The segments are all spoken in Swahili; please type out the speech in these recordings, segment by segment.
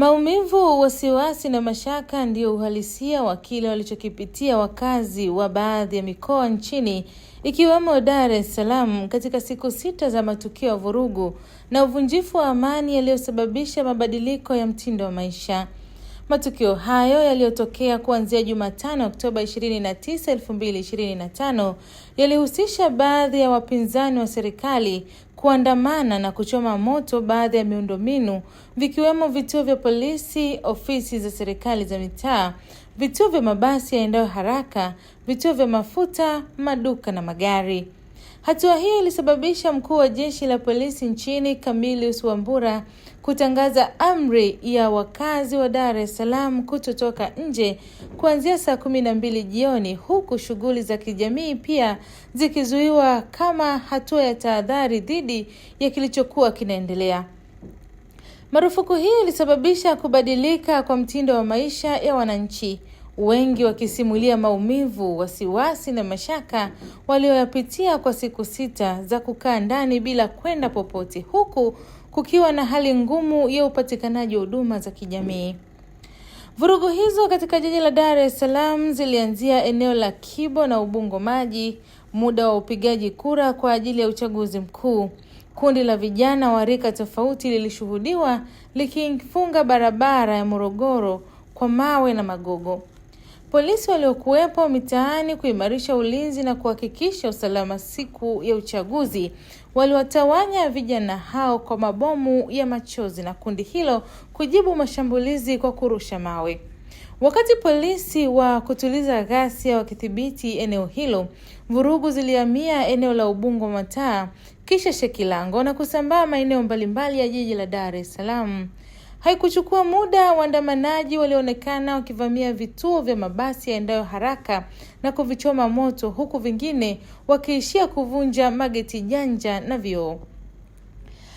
Maumivu, wasiwasi na mashaka ndiyo uhalisia wa kile walichokipitia wakazi wa baadhi ya mikoa nchini ikiwemo Dar es Salaam katika siku sita za matukio ya vurugu na uvunjifu wa amani yaliyosababisha mabadiliko ya mtindo wa maisha. Matukio hayo yaliyotokea kuanzia Jumatano Oktoba 29, 2025 yalihusisha baadhi ya wapinzani wa serikali kuandamana na kuchoma moto baadhi ya miundombinu vikiwemo vituo vya polisi, ofisi za serikali za mitaa, vituo vya mabasi yaendayo haraka, vituo vya mafuta, maduka na magari. Hatua hiyo ilisababisha mkuu wa jeshi la polisi nchini Camillus Wambura kutangaza amri ya wakazi wa Dar es Salaam kutotoka nje kuanzia saa kumi na mbili jioni huku shughuli za kijamii pia zikizuiwa kama hatua ya tahadhari dhidi ya kilichokuwa kinaendelea. Marufuku hii ilisababisha kubadilika kwa mtindo wa maisha ya wananchi wengi wakisimulia maumivu, wasiwasi na mashaka walioyapitia kwa siku sita za kukaa ndani bila kwenda popote, huku kukiwa na hali ngumu ya upatikanaji wa huduma za kijamii. Vurugu hizo katika jiji la Dar es Salaam zilianzia eneo la Kibo na Ubungo Maji muda wa upigaji kura kwa ajili ya uchaguzi mkuu. Kundi la vijana wa rika tofauti lilishuhudiwa likifunga barabara ya Morogoro kwa mawe na magogo. Polisi waliokuwepo mitaani kuimarisha ulinzi na kuhakikisha usalama siku ya uchaguzi waliwatawanya vijana hao kwa mabomu ya machozi na kundi hilo kujibu mashambulizi kwa kurusha mawe. Wakati polisi wa kutuliza ghasia wakidhibiti eneo hilo, vurugu zilihamia eneo la Ubungo Mataa, kisha Shekilango na kusambaa maeneo mbalimbali ya jiji la Dar es Salaam. Haikuchukua muda, waandamanaji walionekana wakivamia vituo vya mabasi yaendayo haraka na kuvichoma moto, huku vingine wakiishia kuvunja mageti janja na vioo.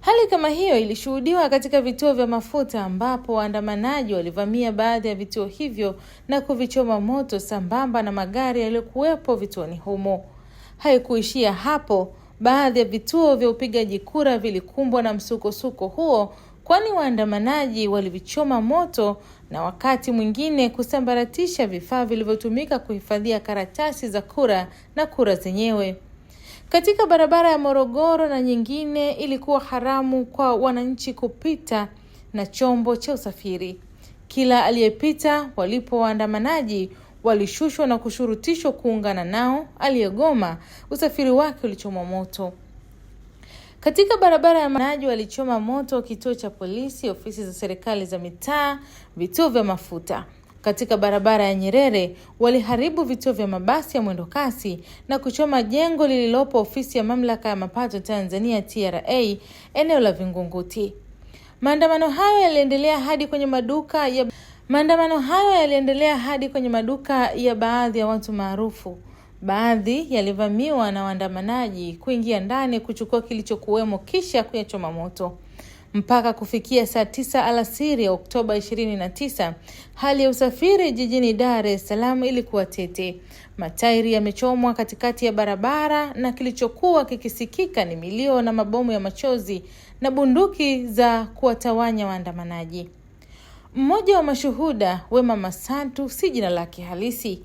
Hali kama hiyo ilishuhudiwa katika vituo vya mafuta ambapo waandamanaji walivamia baadhi ya vituo hivyo na kuvichoma moto sambamba na magari yaliyokuwepo vituoni humo. Haikuishia hapo, baadhi ya vituo vya upigaji kura vilikumbwa na msukosuko huo kwani waandamanaji walivichoma moto na wakati mwingine kusambaratisha vifaa vilivyotumika kuhifadhia karatasi za kura na kura zenyewe. Katika barabara ya Morogoro na nyingine ilikuwa haramu kwa wananchi kupita na chombo cha usafiri. Kila aliyepita walipo waandamanaji walishushwa na kushurutishwa kuungana nao. Aliyegoma usafiri wake ulichomwa moto. Katika barabara ya Manaji walichoma moto kituo cha polisi, ofisi za serikali za mitaa, vituo vya mafuta. Katika barabara ya Nyerere waliharibu vituo vya mabasi ya mwendo kasi na kuchoma jengo lililopo ofisi ya mamlaka ya mapato Tanzania TRA eneo la Vingunguti. Maandamano hayo yaliendelea hadi kwenye maduka ya maandamano hayo yaliendelea hadi kwenye maduka ya baadhi ya watu maarufu baadhi yalivamiwa na waandamanaji kuingia ndani kuchukua kilichokuwemo kisha kuyachoma moto. Mpaka kufikia saa tisa alasiri ya Oktoba 29, hali ya usafiri jijini Dar es Salaam ilikuwa tete. Matairi yamechomwa katikati ya barabara na kilichokuwa kikisikika ni milio na mabomu ya machozi na bunduki za kuwatawanya waandamanaji. Mmoja wa mashuhuda, Wema Masantu, si jina lake halisi,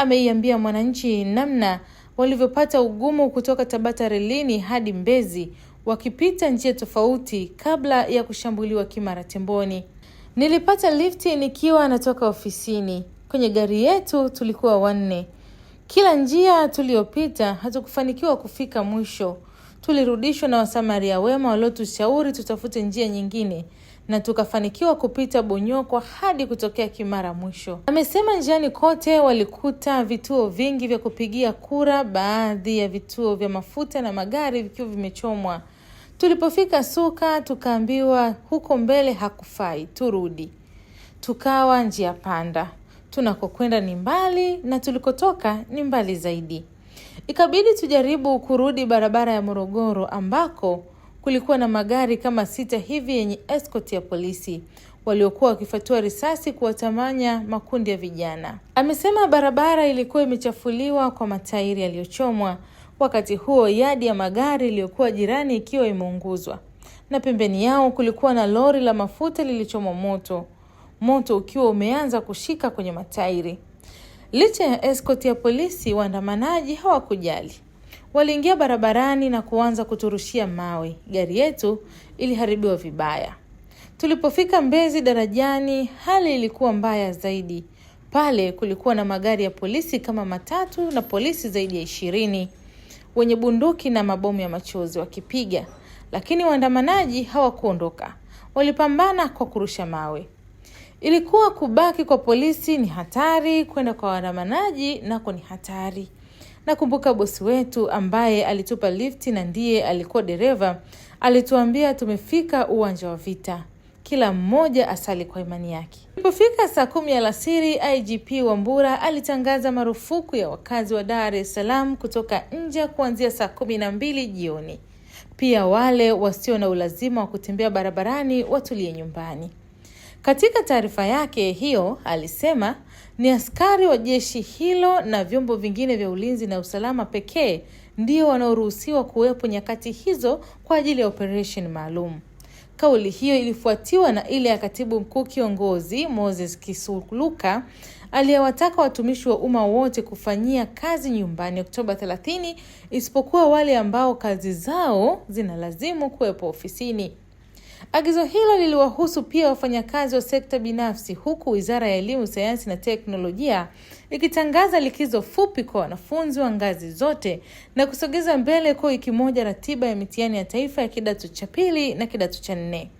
ameiambia Mwananchi namna walivyopata ugumu kutoka Tabata relini hadi Mbezi wakipita njia tofauti kabla ya kushambuliwa Kimara Temboni. Nilipata lifti nikiwa natoka ofisini. Kwenye gari yetu tulikuwa wanne. Kila njia tuliyopita hatukufanikiwa kufika mwisho. Tulirudishwa na wasamaria wema waliotushauri tutafute njia nyingine na tukafanikiwa kupita Bonyokwa hadi kutokea Kimara mwisho. Amesema njiani kote walikuta vituo vingi vya kupigia kura, baadhi ya vituo vya mafuta na magari vikiwa vimechomwa. Tulipofika Suka tukaambiwa huko mbele hakufai, turudi. Tukawa njia panda, tunakokwenda ni mbali na tulikotoka ni mbali zaidi. Ikabidi tujaribu kurudi barabara ya Morogoro ambako kulikuwa na magari kama sita hivi yenye escort ya polisi waliokuwa wakifatua risasi kuwatamanya makundi ya vijana. Amesema barabara ilikuwa imechafuliwa kwa matairi yaliyochomwa, wakati huo yadi ya magari iliyokuwa jirani ikiwa imeunguzwa, na pembeni yao kulikuwa na lori la mafuta lilichomwa moto, moto ukiwa umeanza kushika kwenye matairi. Licha ya escort ya polisi, waandamanaji hawakujali. Waliingia barabarani na kuanza kuturushia mawe. Gari yetu iliharibiwa vibaya. Tulipofika Mbezi darajani, hali ilikuwa mbaya zaidi. Pale kulikuwa na magari ya polisi kama matatu na polisi zaidi ya ishirini wenye bunduki na mabomu ya machozi wakipiga, lakini waandamanaji hawakuondoka. Walipambana kwa kurusha mawe. Ilikuwa kubaki kwa polisi ni hatari, kwenda kwa waandamanaji nako ni hatari. Nakumbuka bosi wetu ambaye alitupa lifti na ndiye alikuwa dereva, alituambia tumefika uwanja wa vita, kila mmoja asali kwa imani yake. Ilipofika saa kumi alasiri, IGP wa mbura alitangaza marufuku ya wakazi wa Dar es Salaam kutoka nje kuanzia saa kumi na mbili jioni. Pia wale wasio na ulazima wa kutembea barabarani watulie nyumbani. Katika taarifa yake hiyo alisema ni askari wa jeshi hilo na vyombo vingine vya ulinzi na usalama pekee ndio wanaoruhusiwa kuwepo nyakati hizo kwa ajili ya operesheni maalum. Kauli hiyo ilifuatiwa na ile ya katibu mkuu kiongozi Moses Kisuluka aliyewataka watumishi wa umma wote kufanyia kazi nyumbani Oktoba 30 isipokuwa wale ambao kazi zao zinalazimu kuwepo ofisini. Agizo hilo liliwahusu pia wafanyakazi wa sekta binafsi, huku Wizara ya Elimu, Sayansi na Teknolojia ikitangaza likizo fupi kwa wanafunzi wa ngazi zote na kusogeza mbele kwa wiki moja ratiba ya mitihani ya taifa ya kidato cha pili na kidato cha nne.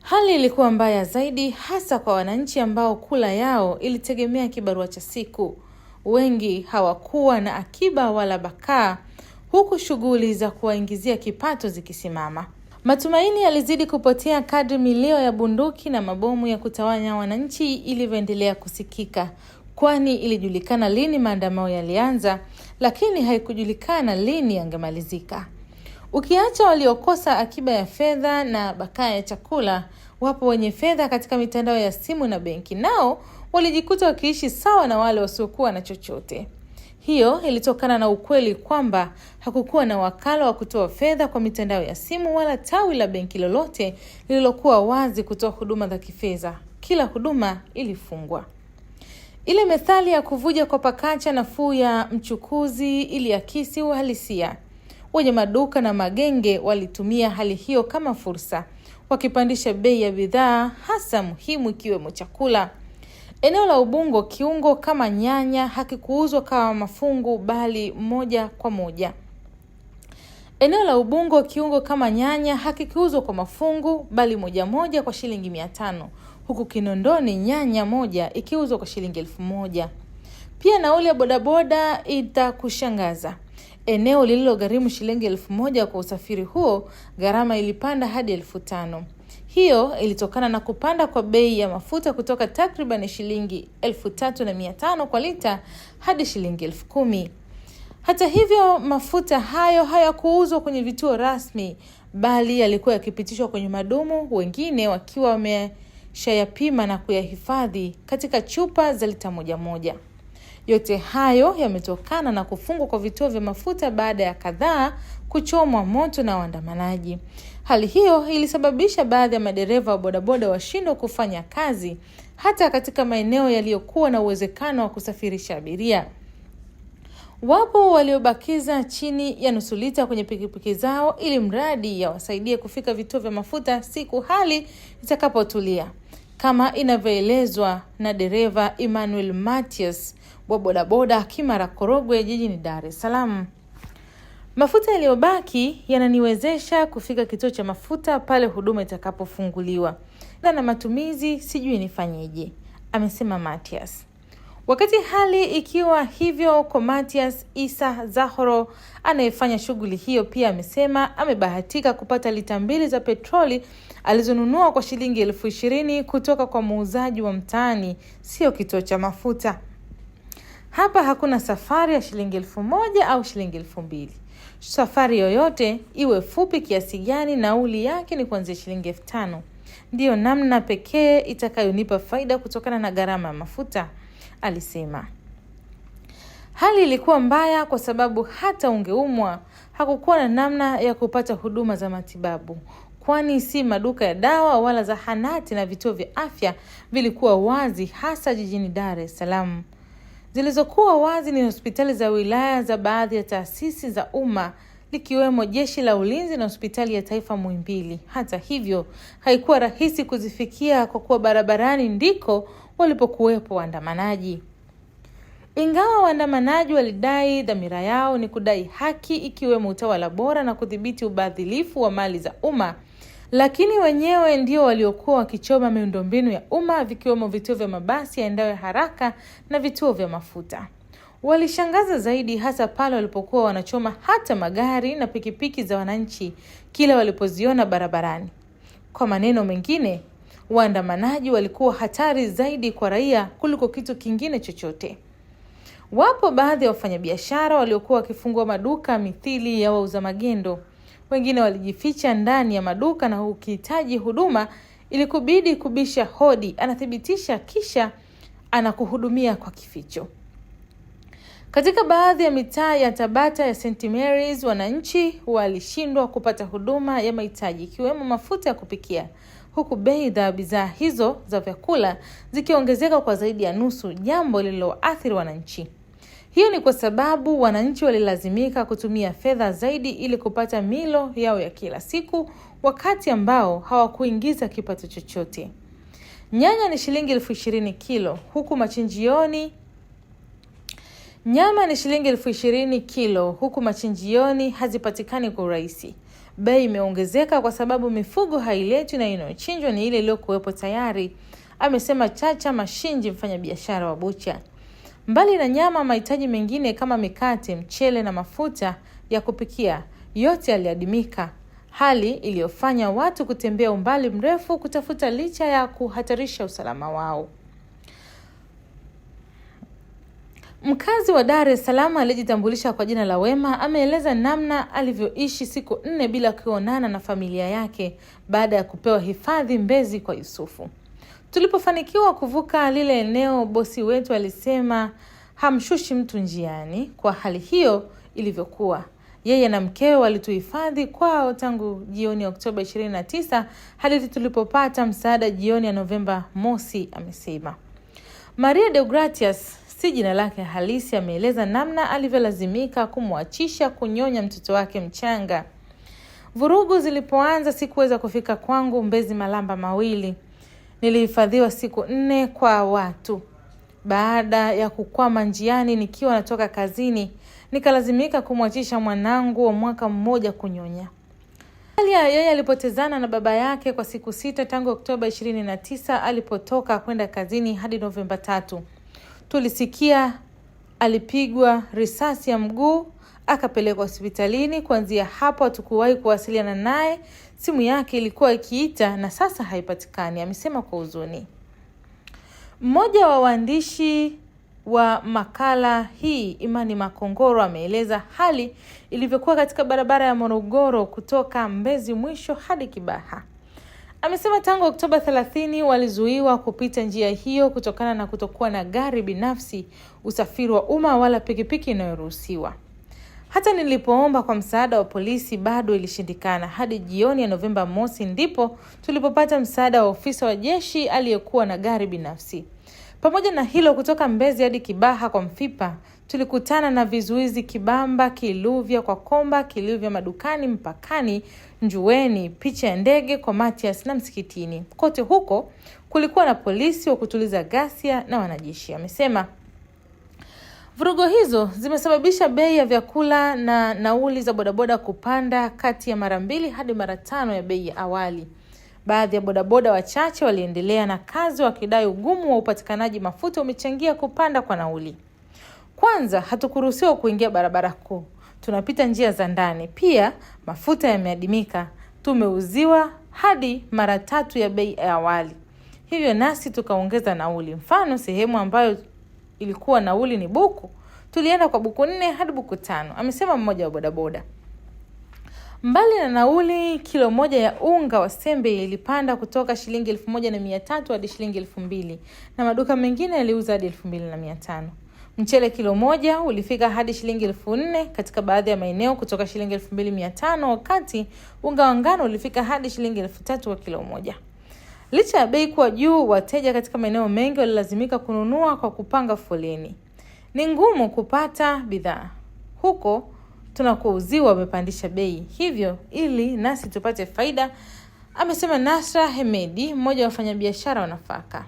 Hali ilikuwa mbaya zaidi hasa kwa wananchi ambao kula yao ilitegemea kibarua cha siku. Wengi hawakuwa na akiba wala bakaa, huku shughuli za kuwaingizia kipato zikisimama. Matumaini yalizidi kupotea kadri milio ya bunduki na mabomu ya kutawanya wananchi ilivyoendelea kusikika, kwani ilijulikana lini maandamano yalianza, lakini haikujulikana lini yangemalizika. Ukiacha waliokosa akiba ya fedha na bakaa ya chakula, wapo wenye fedha katika mitandao ya simu na benki, nao walijikuta wakiishi sawa na wale wasiokuwa na chochote. Hiyo ilitokana na ukweli kwamba hakukuwa na wakala wa kutoa fedha kwa mitandao ya simu wala tawi la benki lolote lililokuwa wazi kutoa huduma za kifedha. Kila huduma ilifungwa. Ile methali ya kuvuja kwa pakacha nafuu ya mchukuzi iliakisi uhalisia. Wenye maduka na magenge walitumia hali hiyo kama fursa, wakipandisha bei ya bidhaa hasa muhimu ikiwemo chakula. Eneo la Ubungo, kiungo kama nyanya hakikuuzwa kama mafungu bali moja kwa moja. Eneo la Ubungo, kiungo kama nyanya hakikuuzwa kwa mafungu bali moja moja kwa shilingi mia tano huku Kinondoni nyanya moja ikiuzwa kwa shilingi elfu moja. Pia nauli ya bodaboda itakushangaza. Eneo lililogharimu shilingi elfu moja kwa usafiri huo, gharama ilipanda hadi elfu tano. Hiyo ilitokana na kupanda kwa bei ya mafuta kutoka takriban shilingi elfu na kwa lita hadi shilingi elfu Hata hivyo, mafuta hayo hayakuuzwa kwenye vituo rasmi, bali yalikuwa yakipitishwa kwenye madumu, wengine wakiwa wameshayapima na kuyahifadhi katika chupa za lita moja moja. Yote hayo yametokana na kufungwa kwa vituo vya mafuta baada ya kadhaa kuchomwa moto na waandamanaji. Hali hiyo ilisababisha baadhi ya madereva wa bodaboda washindwa kufanya kazi hata katika maeneo yaliyokuwa na uwezekano wa kusafirisha abiria. Wapo waliobakiza chini ya nusu lita kwenye pikipiki zao ili mradi yawasaidie kufika vituo vya mafuta siku hali itakapotulia kama inavyoelezwa na dereva Emmanuel Matias wa bodaboda Kimara Korogwe jijini Dar es Salaam. Mafuta yaliyobaki yananiwezesha kufika kituo cha mafuta pale huduma itakapofunguliwa, na na matumizi sijui nifanyeje, amesema Matias. Wakati hali ikiwa hivyo kwa Matias Isa Zahoro anayefanya shughuli hiyo, pia amesema amebahatika kupata lita mbili za petroli alizonunua kwa shilingi elfu ishirini kutoka kwa muuzaji wa mtaani, sio kituo cha mafuta. Hapa hakuna safari ya shilingi elfu moja au shilingi elfu mbili. Safari yoyote iwe fupi kiasi gani, nauli yake ni kuanzia shilingi elfu tano. Ndiyo namna pekee itakayonipa faida kutokana na gharama ya mafuta, alisema. Hali ilikuwa mbaya kwa sababu hata ungeumwa hakukuwa na namna ya kupata huduma za matibabu kwani si maduka ya dawa wala zahanati na vituo vya afya vilikuwa wazi, hasa jijini Dar es Salaam. Zilizokuwa wazi ni hospitali za wilaya za baadhi ya taasisi za umma likiwemo Jeshi la Ulinzi na Hospitali ya Taifa Muhimbili. Hata hivyo, haikuwa rahisi kuzifikia kwa kuwa barabarani ndiko walipokuwepo waandamanaji. Ingawa waandamanaji walidai dhamira yao ni kudai haki ikiwemo utawala bora na kudhibiti ubadhilifu wa mali za umma lakini wenyewe ndio waliokuwa wakichoma miundombinu ya umma vikiwemo vituo vya mabasi yaendayo ya haraka na vituo vya mafuta. Walishangaza zaidi hasa pale walipokuwa wanachoma hata magari na pikipiki za wananchi kila walipoziona barabarani. Kwa maneno mengine, waandamanaji walikuwa hatari zaidi kwa raia kuliko kitu kingine chochote. Wapo baadhi ya wafanyabiashara waliokuwa wakifungua maduka mithili ya wauza magendo wengine walijificha ndani ya maduka na ukihitaji huduma ilikubidi kubisha hodi, anathibitisha kisha anakuhudumia kwa kificho. Katika baadhi ya mitaa ya Tabata ya St Mary's, wananchi walishindwa kupata huduma ya mahitaji ikiwemo mafuta ya kupikia, huku bei za bidhaa hizo za vyakula zikiongezeka kwa zaidi ya nusu, jambo lililoathiri wananchi. Hiyo ni kwa sababu wananchi walilazimika kutumia fedha zaidi ili kupata milo yao ya kila siku, wakati ambao hawakuingiza kipato chochote. Nyanya ni shilingi elfu ishirini kilo, huku machinjioni nyama ni shilingi elfu ishirini kilo, huku machinjioni hazipatikani kwa urahisi. Bei imeongezeka kwa sababu mifugo hailetwi na inayochinjwa ni ile iliyokuwepo tayari, amesema Chacha Mashinji, mfanyabiashara wa bucha. Mbali na nyama, mahitaji mengine kama mikate, mchele na mafuta ya kupikia yote yaliadimika, hali iliyofanya watu kutembea umbali mrefu kutafuta licha ya kuhatarisha usalama wao. Mkazi wa Dar es Salaam aliyejitambulisha kwa jina la Wema ameeleza namna alivyoishi siku nne bila kuonana na familia yake baada ya kupewa hifadhi Mbezi kwa Yusufu. Tulipofanikiwa kuvuka lile eneo, bosi wetu alisema hamshushi mtu njiani. Kwa hali hiyo ilivyokuwa, yeye na mkewe walituhifadhi kwao tangu jioni ya Oktoba 29 hadi tulipopata msaada jioni ya Novemba mosi, amesema. Maria Deogratias si jina lake halisi, ameeleza namna alivyolazimika kumwachisha kunyonya mtoto wake mchanga. Vurugu zilipoanza, sikuweza kufika kwangu Mbezi Malamba mawili Nilihifadhiwa siku nne kwa watu. Baada ya kukwama njiani nikiwa natoka kazini, nikalazimika kumwachisha mwanangu wa mwaka mmoja kunyonya. Alia yeye alipotezana na baba yake kwa siku sita tangu Oktoba ishirini na tisa alipotoka kwenda kazini hadi Novemba tatu. Tulisikia alipigwa risasi ya mguu akapelekwa hospitalini. Kuanzia hapo hatukuwahi kuwasiliana naye, simu yake ilikuwa ikiita na sasa haipatikani, amesema kwa huzuni. Mmoja wa waandishi wa makala hii Imani Makongoro ameeleza hali ilivyokuwa katika barabara ya Morogoro kutoka Mbezi mwisho hadi Kibaha. Amesema tangu Oktoba 30 walizuiwa kupita njia hiyo kutokana na kutokuwa na gari binafsi, usafiri wa umma wala pikipiki inayoruhusiwa. Hata nilipoomba kwa msaada wa polisi bado ilishindikana. Hadi jioni ya Novemba mosi ndipo tulipopata msaada wa ofisa wa jeshi aliyekuwa na gari binafsi. Pamoja na hilo, kutoka Mbezi hadi Kibaha kwa Mfipa tulikutana na vizuizi Kibamba, Kiluvya kwa Komba, Kiluvya madukani, mpakani, Njueni, picha ya ndege kwa Matias na msikitini. Kote huko kulikuwa na polisi wa kutuliza ghasia na wanajeshi, amesema. Vurugo hizo zimesababisha bei ya vyakula na nauli za bodaboda kupanda kati ya mara mbili hadi mara tano ya bei ya awali. Baadhi ya bodaboda wachache waliendelea na kazi wakidai ugumu wa upatikanaji mafuta umechangia kupanda kwa nauli. Kwanza, hatukuruhusiwa kuingia barabara kuu, tunapita njia za ndani. Pia mafuta yameadimika, tumeuziwa hadi mara tatu ya bei ya awali, hivyo nasi tukaongeza nauli. Mfano, sehemu ambayo ilikuwa nauli ni buku, tulienda kwa buku nne hadi buku tano, amesema mmoja wa bodaboda. Mbali na nauli, kilo moja ya unga wa sembe ilipanda kutoka shilingi elfu moja na mia tatu hadi shilingi elfu mbili na maduka mengine yaliuza hadi elfu mbili na mia tano. Mchele kilo moja ulifika hadi shilingi elfu nne katika baadhi ya maeneo kutoka shilingi elfu mbili mia tano wakati unga wa ngano ulifika hadi shilingi elfu tatu kwa kilo moja. Licha ya bei kuwa juu, wateja katika maeneo mengi walilazimika kununua kwa kupanga foleni. Ni ngumu kupata bidhaa huko tunakouziwa, wamepandisha bei hivyo ili nasi tupate faida, amesema Nasra Hemedi, mmoja wa wafanyabiashara wa nafaka.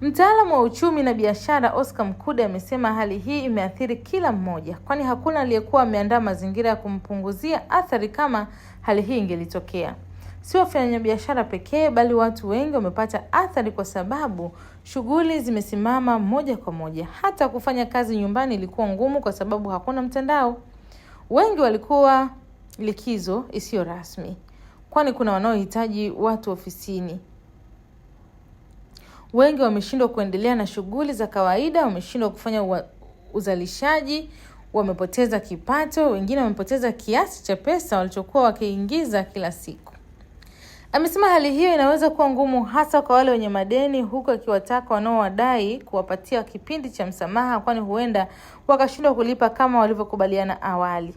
Mtaalamu wa uchumi na biashara Oscar Mkude amesema hali hii imeathiri kila mmoja, kwani hakuna aliyekuwa ameandaa mazingira ya kumpunguzia athari kama hali hii ingelitokea. Si wafanyabiashara pekee, bali watu wengi wamepata athari, kwa sababu shughuli zimesimama moja kwa moja. Hata kufanya kazi nyumbani ilikuwa ngumu, kwa sababu hakuna mtandao. Wengi walikuwa likizo isiyo rasmi, kwani kuna wanaohitaji watu ofisini. Wengi wameshindwa kuendelea na shughuli za kawaida, wameshindwa kufanya uzalishaji, wamepoteza kipato, wengine wamepoteza kiasi cha pesa walichokuwa wakiingiza kila siku. Amesema hali hiyo inaweza kuwa ngumu hasa kwa wale wenye madeni, huku akiwataka wanaowadai kuwapatia kipindi cha msamaha, kwani huenda wakashindwa kulipa kama walivyokubaliana awali.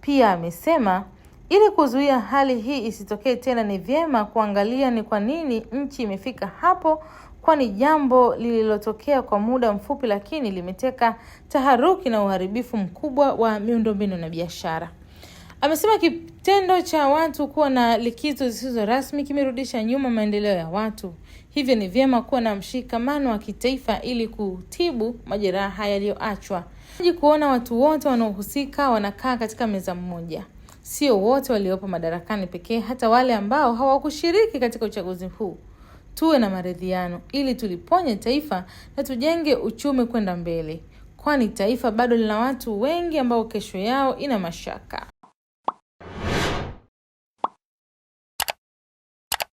Pia amesema ili kuzuia hali hii isitokee tena, ni vyema kuangalia ni kwa nini nchi imefika hapo, kwani jambo lililotokea kwa muda mfupi, lakini limeteka taharuki na uharibifu mkubwa wa miundombinu na biashara. Amesema kitendo cha watu kuwa na likizo zisizo rasmi kimerudisha nyuma maendeleo ya watu, hivyo ni vyema kuwa na mshikamano wa kitaifa ili kutibu majeraha yaliyoachwa. ji kuona watu wote wanaohusika wanakaa katika meza mmoja, sio wote waliopo madarakani pekee, hata wale ambao hawakushiriki katika uchaguzi huu. Tuwe na maridhiano ili tuliponye taifa na tujenge uchumi kwenda mbele, kwani taifa bado lina watu wengi ambao kesho yao ina mashaka.